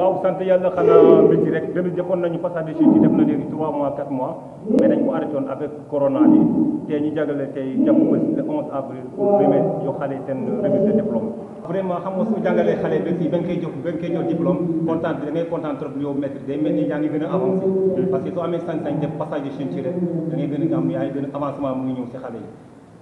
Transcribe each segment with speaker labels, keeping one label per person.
Speaker 1: waaw sant yàlla xanaa mbir rek dana jëfoon nañu passage ci def na léegi 3 mois 4 mois mais dañ ko arrêté woon avec corona bi te ñu jagale tey jàpp le 11 avril pour remettre yoo xale seen remise de diplôme vraiment xam su jàngalee xale ba fii ba nga koy jox ba nga koy jox diplôme kontaan bi da trop yow maître day mel ni yaa ngi gën a avancé parce que soo amee sañ-sañ def passage ci rek da gën a am yaa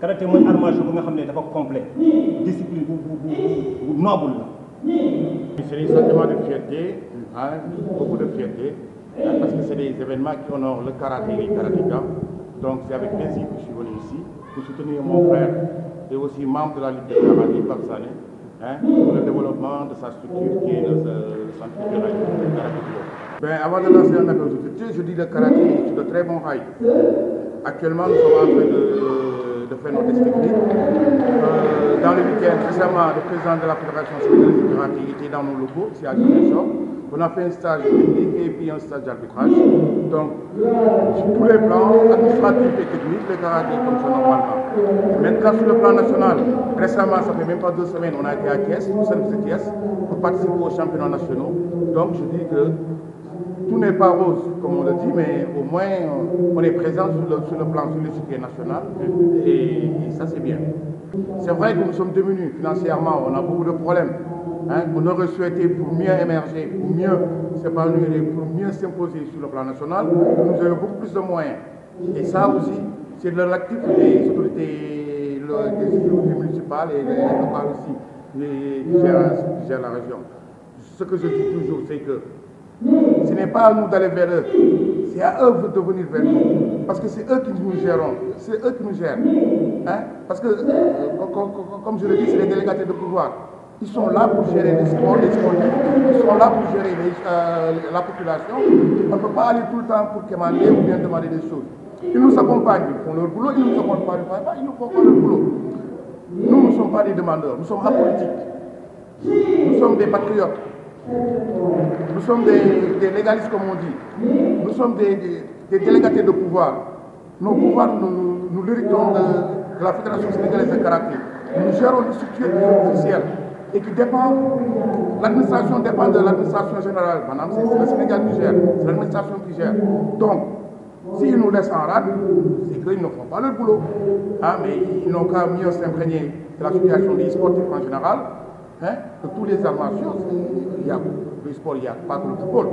Speaker 1: karaté mooy armage martial bu nga complet discipline bu bu noble la. c'est des sentiments de
Speaker 2: fierté hein, beaucoup de fierté hein, parce que c'est des événements qui honorent le karaté et les donc c'est avec plaisir que je suis venu ici pour soutenir mon frère et aussi membre de la Ligue de karaté Pape hein, pour le développement de sa structure qui est dans le centre de karaté. Ben, avant de lancer un appel aux je dis le karaté c'est de très bon rail. Actuellement, nous sommes en train de de faire nos tests dans le week-end, récemment, le président de la Fédération de la était dans nos locaux, c'est à guinée On a fait un stage et puis un stage d'arbitrage. Donc, sur tous les plans, administratifs et techniques, le comme fonctionne normalement. Maintenant, sur le plan national, récemment, ça fait même pas deux semaines, on a été à Thiès, au de thiès pour participer aux championnats nationaux. Donc, je dis que tout n'est pas rose, comme on le dit, mais au moins on est présent sur le, plan, sur le national, et, ça c'est bien. C'est vrai que nous sommes diminués financièrement, on a beaucoup de problèmes. Hein, on aurait souhaité pour mieux émerger, pour mieux s'épanouir et pour mieux s'imposer sur le plan national, nous avons beaucoup plus de moyens. Et ça aussi, c'est de l'actif des autorités, des autorités municipales et locales aussi, qui, gèrent, la région. Ce que je dis toujours, c'est que ce n'est pas à nous d'aller vers eux. C'est à eux de venir vers nous. Parce que c'est eux qui nous gérons. C'est eux qui nous gèrent. Hein? Parce que, euh, comme je le dis, c'est les délégatés de pouvoir. Ils sont là pour gérer les sports, les sportifs. Ils sont là pour gérer euh, la population. On ne peut pas aller tout le temps pour demander ou bien demander des choses. Ils nous accompagnent, ils font leur boulot, ils nous accompagnent pas, bah, ils nous font leur boulot. Nous ne sommes pas des demandeurs, nous sommes apolitiques. Nous sommes des patriotes. Nous sommes des, légalistes, comme on dit. Nous sommes des, des, délégatés de pouvoir. Nos pouvoirs, nous, nous l'héritons de, la Fédération sénégalaise de karaté. Nous gérons une structure officielle et qui dépend, l'administration dépend de l'administration générale. Madame, c'est le Sénégal qui gère, c'est l'administration qui gère. Donc, s'ils nous laissent en rade, c'est qu'ils ne font pas leur boulot. Ah, mais ils n'ont qu'à mieux s'imprégner de la situation des sportifs en général que hein? tous les sur, il y a le sport, il n'y a pas que le football.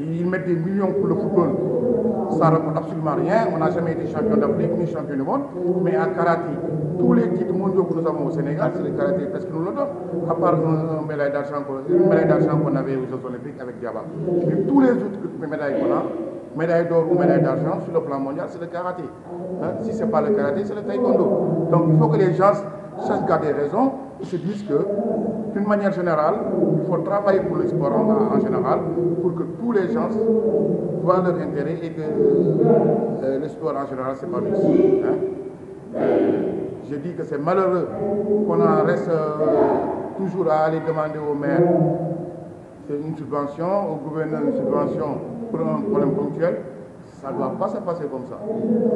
Speaker 2: Ils mettent des millions pour le football, ça ne rapporte absolument rien. On n'a jamais été champion d'Afrique ni champion du monde. Mais en karaté, tous les titres mondiaux que nous avons au Sénégal, c'est le karaté parce que nous le donnent. À part une médaille d'argent qu'on avait aux Jeux Olympiques avec Diaba. Mais tous les autres médailles qu'on a, médaille d'or ou médaille d'argent sur le plan mondial, c'est le karaté. Hein? Si ce n'est pas le karaté, c'est le taekwondo. Donc il faut que les gens chacun garder des raisons, ils se disent que, d'une manière générale, il faut travailler pour l'espoir en, général, pour que tous les gens voient leur intérêt et que euh, l'espoir en général s'épanouisse. Hein. je dis que c'est malheureux qu'on reste euh, toujours à aller demander au maire une subvention, au gouverneur une subvention pour un problème ponctuel. Ça ne doit pas se passer
Speaker 1: comme ça.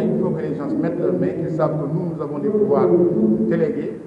Speaker 1: Il faut que les gens se mettent leurs mains, qu'ils savent que nous, nous avons des pouvoirs délégués